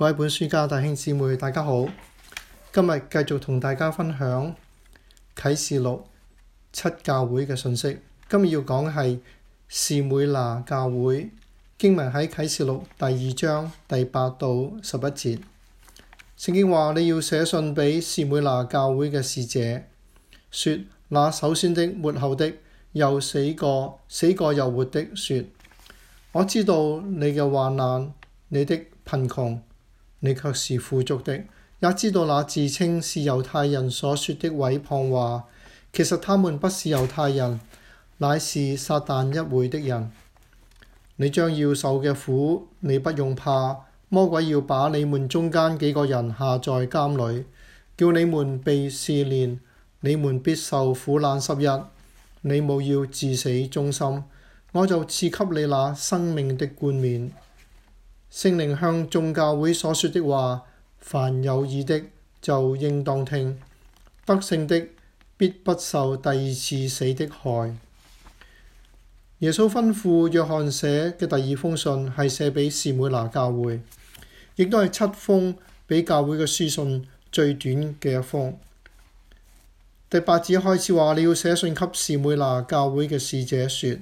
各位本書家、大兄姊妹，大家好。今日繼續同大家分享《啟示錄》七教會嘅信息。今日要講嘅係士妹拿教會。經文喺《啟示錄》第二章第八到十一節。聖經話：你要寫信俾士妹拿教會嘅使者，說：那首先的、末後的、又死過、死過又活的，說：我知道你嘅患難，你的貧窮。你卻是富足的，也知道那自稱是猶太人所說的毀謗話，其實他們不是猶太人，乃是撒但一會的人。你將要受嘅苦，你不用怕。魔鬼要把你們中間幾個人下在監裏，叫你們被試煉，你們必受苦難十日。你務要至死忠心，我就賜給你那生命的冠冕。聖靈向眾教會所說的話，凡有耳的就應當聽。得勝的必不受第二次死的害。耶穌吩咐約翰寫嘅第二封信係寫俾士妹拿教會，亦都係七封俾教會嘅書信最短嘅一封。第八節開始話，你要寫信給士妹拿教會嘅使者說，說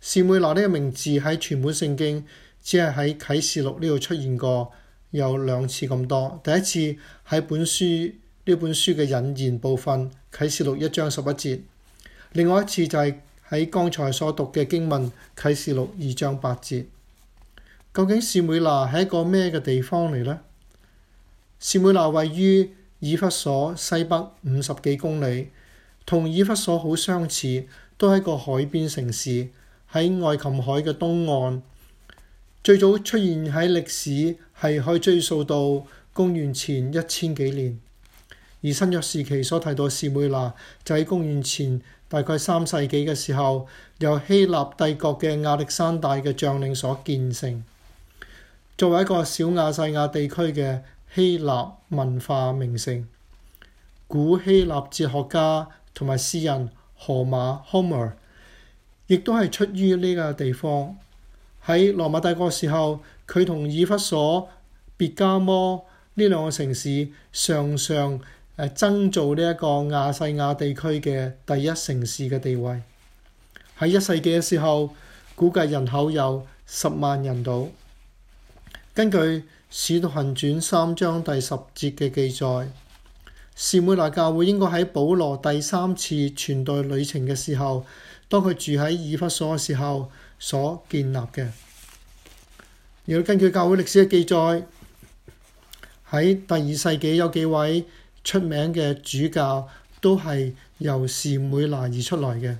士妹拿呢個名字喺全本聖經，只係喺《啟示錄》呢度出現過有兩次咁多。第一次喺本書呢本書嘅引言部分，《啟示錄》一章十一節；另外一次就係喺剛才所讀嘅經文，《啟示錄》二章八節。究竟士每拿係一個咩嘅地方嚟呢？士每拿位於以弗所西北五十幾公里，同以弗所好相似，都係一個海邊城市，喺愛琴海嘅東岸。最早出現喺歷史係可以追溯到公元前一千幾年，而新約時期所提到士每拿就喺公元前大概三世紀嘅時候，由希臘帝國嘅亞歷山大嘅將領所建成。作為一個小亞細亞地區嘅希臘文化名城。古希臘哲學家同埋詩人荷馬 （Homer） 亦都係出於呢個地方。喺羅馬帝國時候，佢同以弗所、別加摩呢兩個城市，常常誒爭做呢一個亞細亞地區嘅第一城市嘅地位。喺一世紀嘅時候，估計人口有十萬人度。根據《使徒行傳》三章第十節嘅記載，士每拿教會應該喺保羅第三次傳道旅程嘅時候，當佢住喺以弗所嘅時候，所建立嘅，如果根據教會歷史嘅記載，喺第二世紀有幾位出名嘅主教都係由士每拿而出來嘅，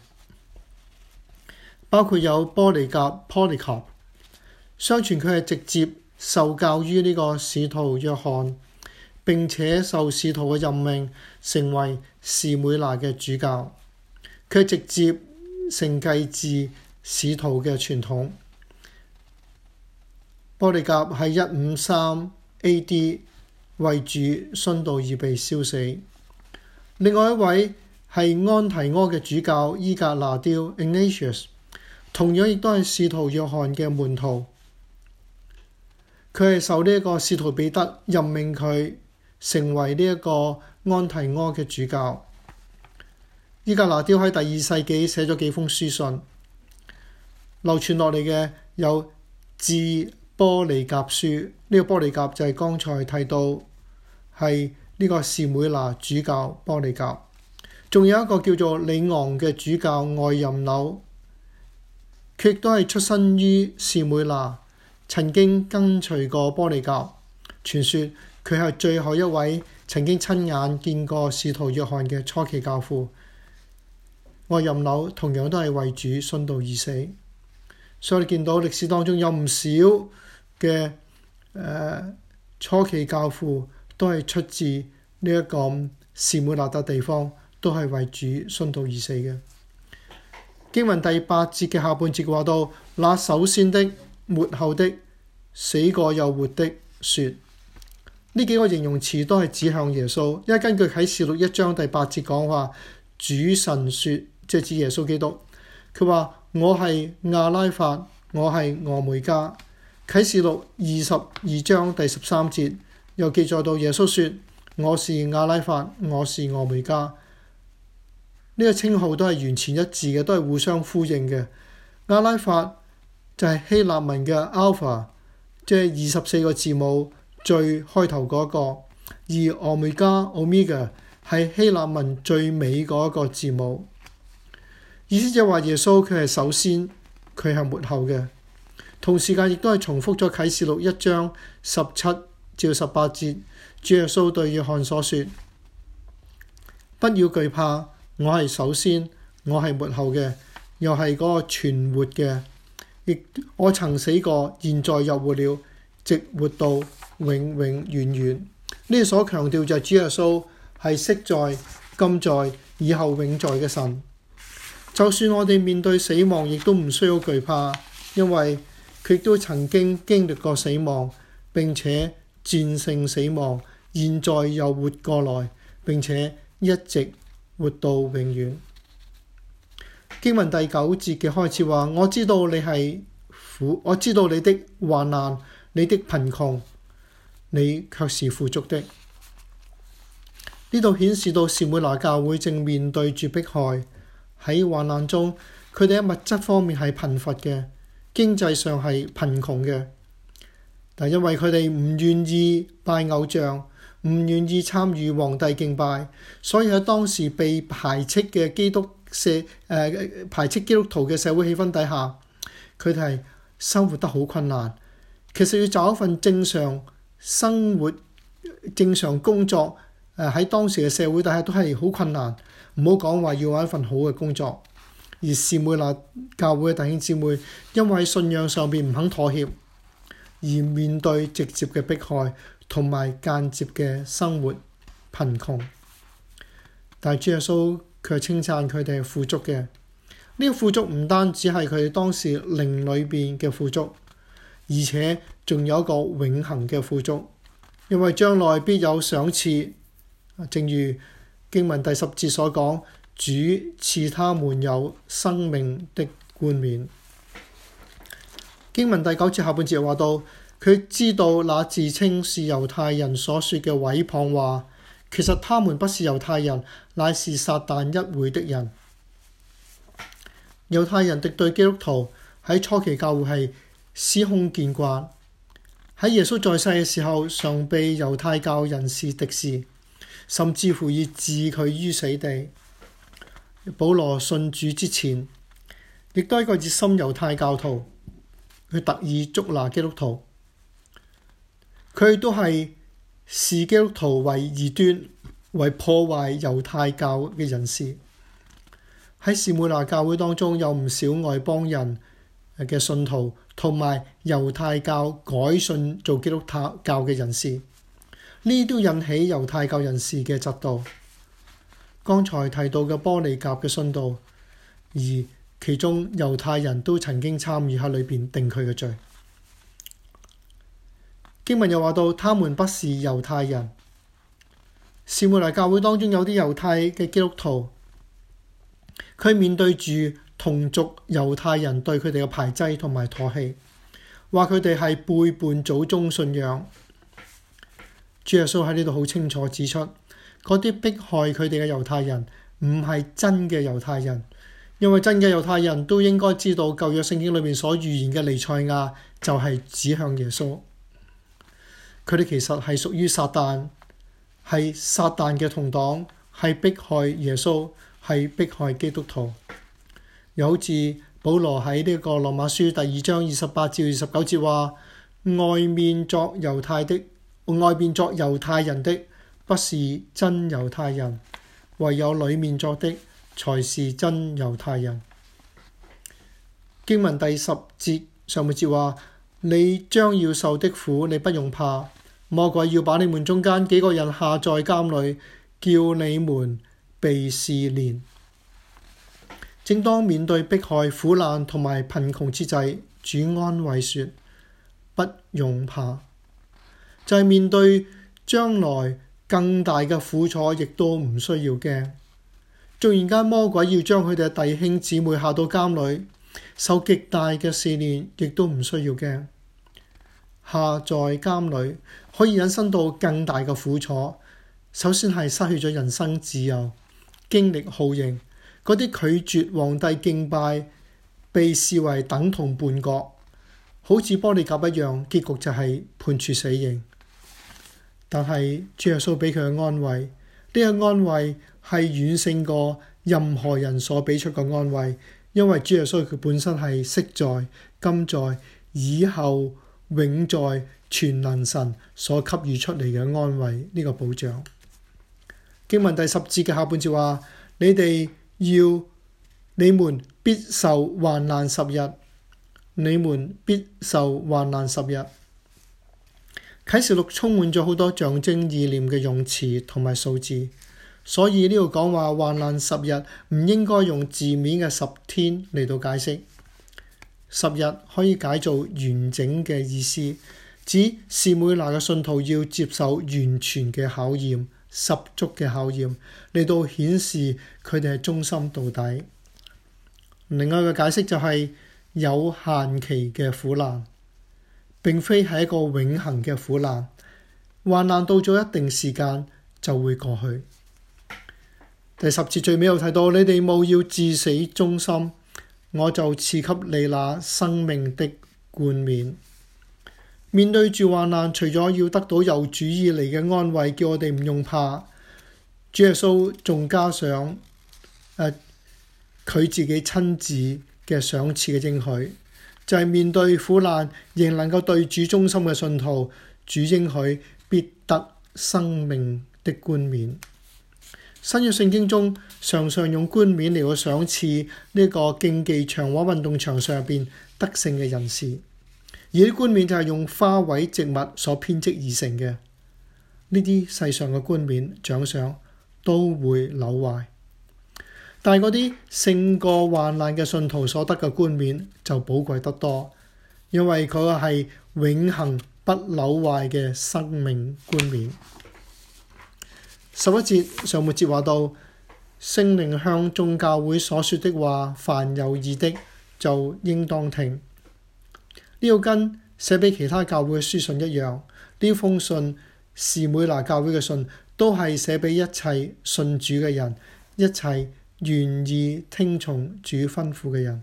包括有玻波利格 Polycarp。相傳佢係直接受教於呢個使徒約翰，並且受使徒嘅任命成為士每拿嘅主教，佢直接承繼自使徒嘅傳統，玻利甲喺一五三 A.D. 為主殉道而被燒死。另外一位係安提阿嘅主教伊格拿雕 （Ignatius），同樣亦都係使徒約翰嘅門徒。佢係受呢一個使徒彼得任命佢成為呢一個安提阿嘅主教。伊格拿雕喺第二世紀寫咗幾封書信。流傳落嚟嘅有致波利甲書，呢、這個波利甲就係剛才提到係呢個士妹拿主教波利甲，仲有一個叫做李昂嘅主教愛任紐，佢都係出身於士妹拿，曾經跟隨過波利甲。傳說佢係最後一位曾經親眼見過使徒約翰嘅初期教父。愛任紐同樣都係為主殉道而死。所以你見到歷史當中有唔少嘅誒、呃、初期教父都係出自呢一個士每拿地方，都係為主殉道而死嘅。經文第八節嘅下半節話到，那首先的、末後的、死過又活的，説呢幾個形容詞都係指向耶穌，因為根據喺啟示錄一章第八節講話，主神説，即係指耶穌基督，佢話。我係阿拉法，我係俄梅加。啟示錄二十二章第十三節又記載到耶穌說：「我是阿拉法，我是俄梅加。」呢、這個稱號都係完全一致嘅，都係互相呼應嘅。阿拉法就係希臘文嘅 alpha，即係二十四個字母最開頭嗰、那個；而俄梅加 omega 係希臘文最尾嗰個字母。意思就係話耶穌佢係首先，佢係末後嘅，同時間亦都係重複咗啟示錄一章十七至十八節，主耶穌對約翰所說：不要懼怕，我係首先，我係末後嘅，又係嗰個存活嘅，亦我曾死過，現在又活了，直活到永永遠遠。呢、這個所強調就係主耶穌係昔在、今在、以後永在嘅神。就算我哋面對死亡，亦都唔需要懼怕，因為佢都曾經經歷過死亡，並且戰勝死亡，現在又活過來，並且一直活到永遠。經文第九節嘅開始話：我知道你係苦，我知道你的患難，你的貧窮，你卻是富足的。呢度顯示到士每拿教會正面對住迫害。喺患難中，佢哋喺物質方面係貧乏嘅，經濟上係貧窮嘅。但因為佢哋唔願意拜偶像，唔願意參與皇帝敬拜，所以喺當時被排斥嘅基督社誒、呃、排斥基督徒嘅社會氣氛底下，佢哋生活得好困難。其實要找一份正常生活、正常工作，誒、呃、喺當時嘅社會底下都係好困難。唔好講話要揾一份好嘅工作，而士每拿教會嘅弟兄姊妹，因為信仰上邊唔肯妥協，而面對直接嘅迫害同埋間接嘅生活貧窮，但係主耶穌卻稱讚佢哋係富足嘅。呢、這個富足唔單只係佢哋當時靈裏邊嘅富足，而且仲有一個永恆嘅富足，因為將來必有賞賜。正如經文第十節所講，主賜他們有生命的冠冕。經文第九節下半節話到，佢知道那自稱是猶太人所說嘅毀謗話，其實他們不是猶太人，乃是撒但一會的人。猶太人敵對基督徒喺初期教會係司空見慣，喺耶穌在世嘅時候，常被猶太教人士敵視。甚至乎要置佢於死地。保羅信主之前，亦都係一個熱心猶太教徒，佢特意捉拿基督徒。佢都係視基督徒為異端，為破壞猶太教嘅人士。喺士每拿教會當中，有唔少外邦人嘅信徒，同埋猶太教改信做基督教嘅人士。呢啲都引起猶太教人士嘅嫉妒。剛才提到嘅坡旅甲嘅殉道，而其中猶太人都曾經參與喺裏邊定佢嘅罪。經文又話到，他們不是猶太人。士每拿教會當中有啲猶太嘅基督徒。佢面對住同族猶太人對佢哋嘅排擠同埋唾棄，話佢哋係背叛祖宗信仰。主耶穌喺呢度好清楚指出，嗰啲迫害佢哋嘅猶太人唔係真嘅猶太人，因為真嘅猶太人都應該知道舊約聖經裏面所預言嘅彌賽亞就係指向耶穌。佢哋其實係屬於撒旦，係撒旦嘅同黨，係迫害耶穌，係迫害基督徒。又好似保羅喺呢個羅馬書第二章二十八至二十九節話：外面作猶太的。外面作猶太人的不是真猶太人，唯有裡面作的才是真猶太人。經文第十節上半節話：你將要受的苦，你不用怕。魔鬼要把你們中間幾個人下在監裏，叫你們被試煉。正當面對迫害、苦難同埋貧窮之際，主安慰說：不用怕。就係面對將來更大嘅苦楚，亦都唔需要驚。仲而家魔鬼要將佢哋弟兄姊妹下到監裏，受極大嘅試煉，亦都唔需要驚。下在監裏可以引申到更大嘅苦楚。首先係失去咗人生自由，經歷酷刑，嗰啲拒絕皇帝敬拜，被視為等同叛國，好似坡旅甲一樣，結局就係判處死刑。但係，主耶穌俾佢嘅安慰，呢、這個安慰係遠勝過任何人所俾出個安慰，因為主耶穌佢本身係昔在、今在、以後、永在全能神所給予出嚟嘅安慰。呢、這個保障。經文第十節嘅下半節話：你哋要你們必受患難十日，你們必受患難十日。啟示錄充滿咗好多象徵意念嘅用詞同埋數字，所以呢度講話患難十日唔應該用字面嘅十天嚟到解釋。十日可以解做完整嘅意思，指士每拿嘅信徒要接受完全嘅考驗、十足嘅考驗，嚟到顯示佢哋係忠心到底。另外嘅解釋就係有限期嘅苦難。並非係一個永恒嘅苦難，患難到咗一定時間就會過去。第十節最尾又提到，你哋務要至死忠心，我就賜給你那生命的冠冕。面對住患難，除咗要得到由主以嚟嘅安慰，叫我哋唔用怕，主耶穌仲加上誒佢、呃、自己親自嘅賞賜嘅應許。就係面對苦難，仍能夠對主忠心嘅信徒，主應許必得生命的冠冕。新約聖經中常常用冠冕嚟到賞賜呢個競技場或運動場上邊得勝嘅人士。而啲冠冕就係用花卉植物所編織而成嘅。呢啲世上嘅冠冕獎賞都會朽壞。但嗰啲勝過患難嘅信徒所得嘅冠冕就寶貴得多，因為佢係永恆不朽壞嘅生命冠冕。十一節上末節話到，聖靈向眾教會所說的話，凡有耳的就應當聽。呢個跟寫俾其他教會嘅書信一樣，呢封信是士每拿教會嘅信，都係寫俾一切信主嘅人，一切。願意聽從主吩咐嘅人，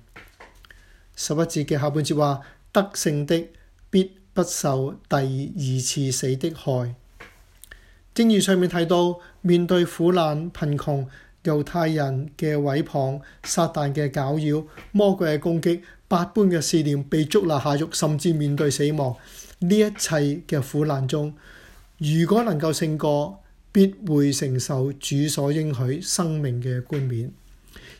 十一節嘅下半節話：得勝的必不受第二次死的害。正如上面提到，面對苦難、貧窮、猶太人嘅毀謗、撒旦嘅攪擾、魔鬼嘅攻擊、百般嘅試煉，被捉拿下獄，甚至面對死亡，呢一切嘅苦難中，如果能夠勝過，必會承受主所應許生命嘅冠冕，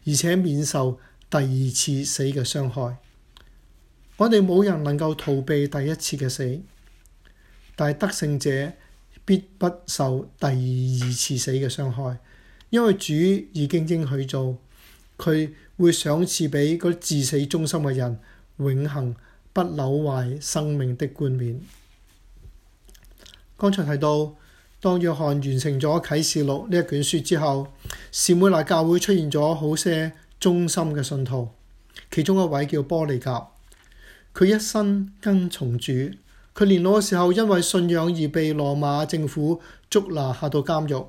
而且免受第二次死嘅傷害。我哋冇人能夠逃避第一次嘅死，但係得勝者必不受第二次死嘅傷害，因為主已經應許做，佢會賞賜俾嗰啲至死忠心嘅人，永恒不朽壞生命的冠冕。剛才提到。當約翰完成咗《啟示錄》呢一卷書之後，士每拿教會出現咗好些忠心嘅信徒，其中一位叫波利甲，佢一生跟從主。佢年老嘅時候，因為信仰而被羅馬政府捉拿下到監獄。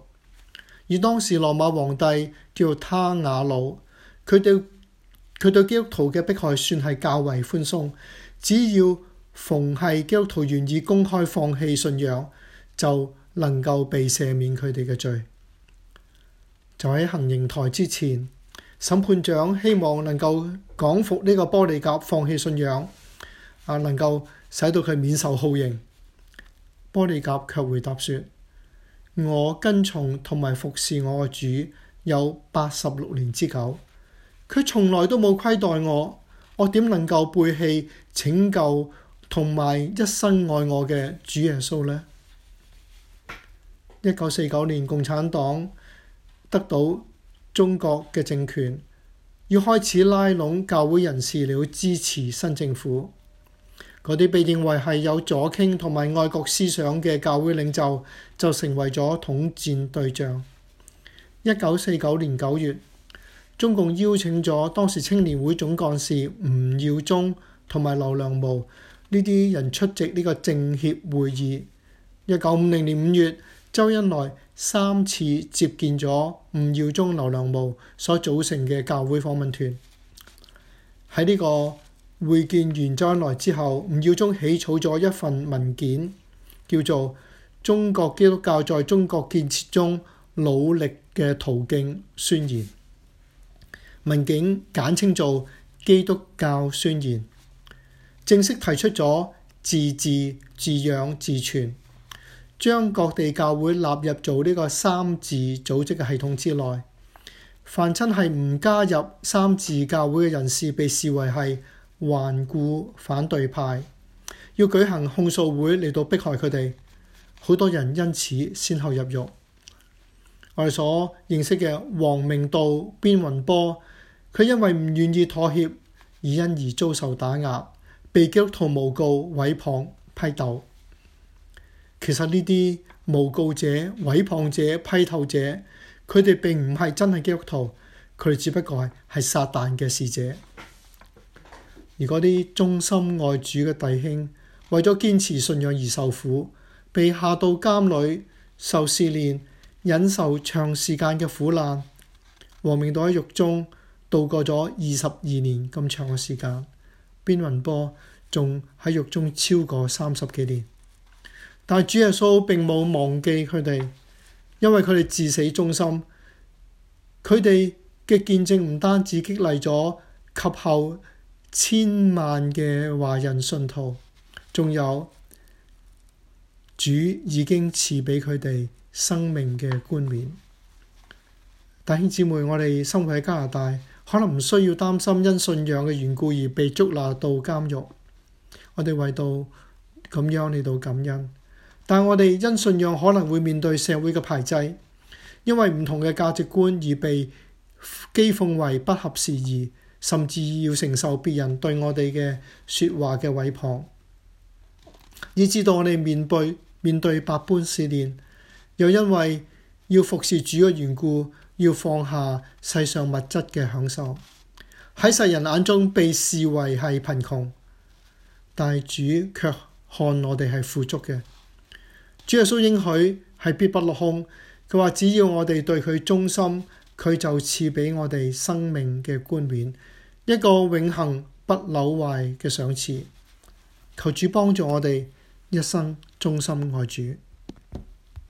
而當時羅馬皇帝叫他瓦魯，佢對佢對基督徒嘅迫害算係較為寬鬆，只要逢係基督徒願意公開放棄信仰就能夠被赦免佢哋嘅罪，就喺行刑台之前，審判長希望能夠講服呢個玻利甲放棄信仰，啊，能夠使到佢免受酷刑。玻利甲卻回答說：「我跟從同埋服侍我嘅主有八十六年之久，佢從來都冇虧待我，我點能夠背棄拯救同埋一生愛我嘅主耶穌呢？」一九四九年，共產黨得到中國嘅政權，要開始拉攏教會人士了支持新政府。嗰啲被認為係有左傾同埋愛國思想嘅教會領袖就成為咗統戰對象。一九四九年九月，中共邀請咗當時青年會總幹事吳耀宗同埋劉良模呢啲人出席呢個政協會議。一九五零年五月。周恩來三次接見咗吳耀宗、劉良模所組成嘅教會訪問團。喺呢個會見完周恩來之後，吳耀宗起草咗一份文件，叫做《中國基督教在中國建設中努力嘅途徑宣言》，文件簡稱做《基督教宣言》，正式提出咗自治、自養、自存。將各地教會納入做呢個三自組織嘅系統之內。凡親係唔加入三自教會嘅人士，被視為係頑固反對派，要舉行控訴會嚟到迫害佢哋。好多人因此先後入獄。我哋所認識嘅王明道、邊雲波，佢因為唔願意妥協，而因而遭受打壓，被基督徒誣告、毀謗、批鬥。其實呢啲誣告者、毀謗者、批鬥者，佢哋並唔係真係基督徒，佢哋只不過係係撒旦嘅使者。而嗰啲忠心愛主嘅弟兄，為咗堅持信仰而受苦，被下到監裏受試煉，忍受長時間嘅苦難。王明道喺獄中度過咗二十二年咁長嘅時間，邊雲波仲喺獄中超過三十幾年。但係主耶穌並冇忘記佢哋，因為佢哋至死忠心。佢哋嘅見證唔單止激勵咗及後千萬嘅華人信徒，仲有主已經賜俾佢哋生命嘅冠冕。弟兄姊妹，我哋生活喺加拿大，可能唔需要擔心因信仰嘅緣故而被捉拿到監獄。我哋為到咁樣，嚟到感恩。但我哋因信仰可能會面對社會嘅排擠，因為唔同嘅價值觀而被譏諷為不合時宜，甚至要承受別人對我哋嘅說話嘅毀謗。以至到我哋面對面對百般試煉，又因為要服侍主嘅緣故，要放下世上物質嘅享受，喺世人眼中被視為係貧窮，但係主卻看我哋係富足嘅。主耶穌應許係必不落空，佢話只要我哋對佢忠心，佢就賜俾我哋生命嘅冠冕，一個永恆不朽壞嘅賞賜。求主幫助我哋一生忠心愛主。